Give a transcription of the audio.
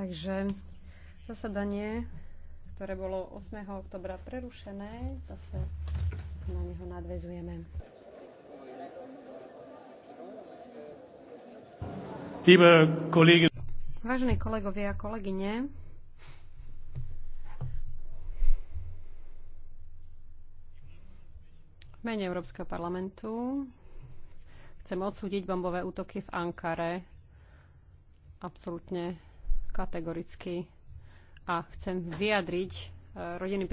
Takže zasadanie, ktoré bolo 8. oktobra prerušené, zase na neho nadvezujeme. Vážení kolegovia a kolegyne, v mene Európskeho parlamentu chcem odsúdiť bombové útoky v Ankare Absolutne kategoricky a chcem vyjadriť eh, rodiny.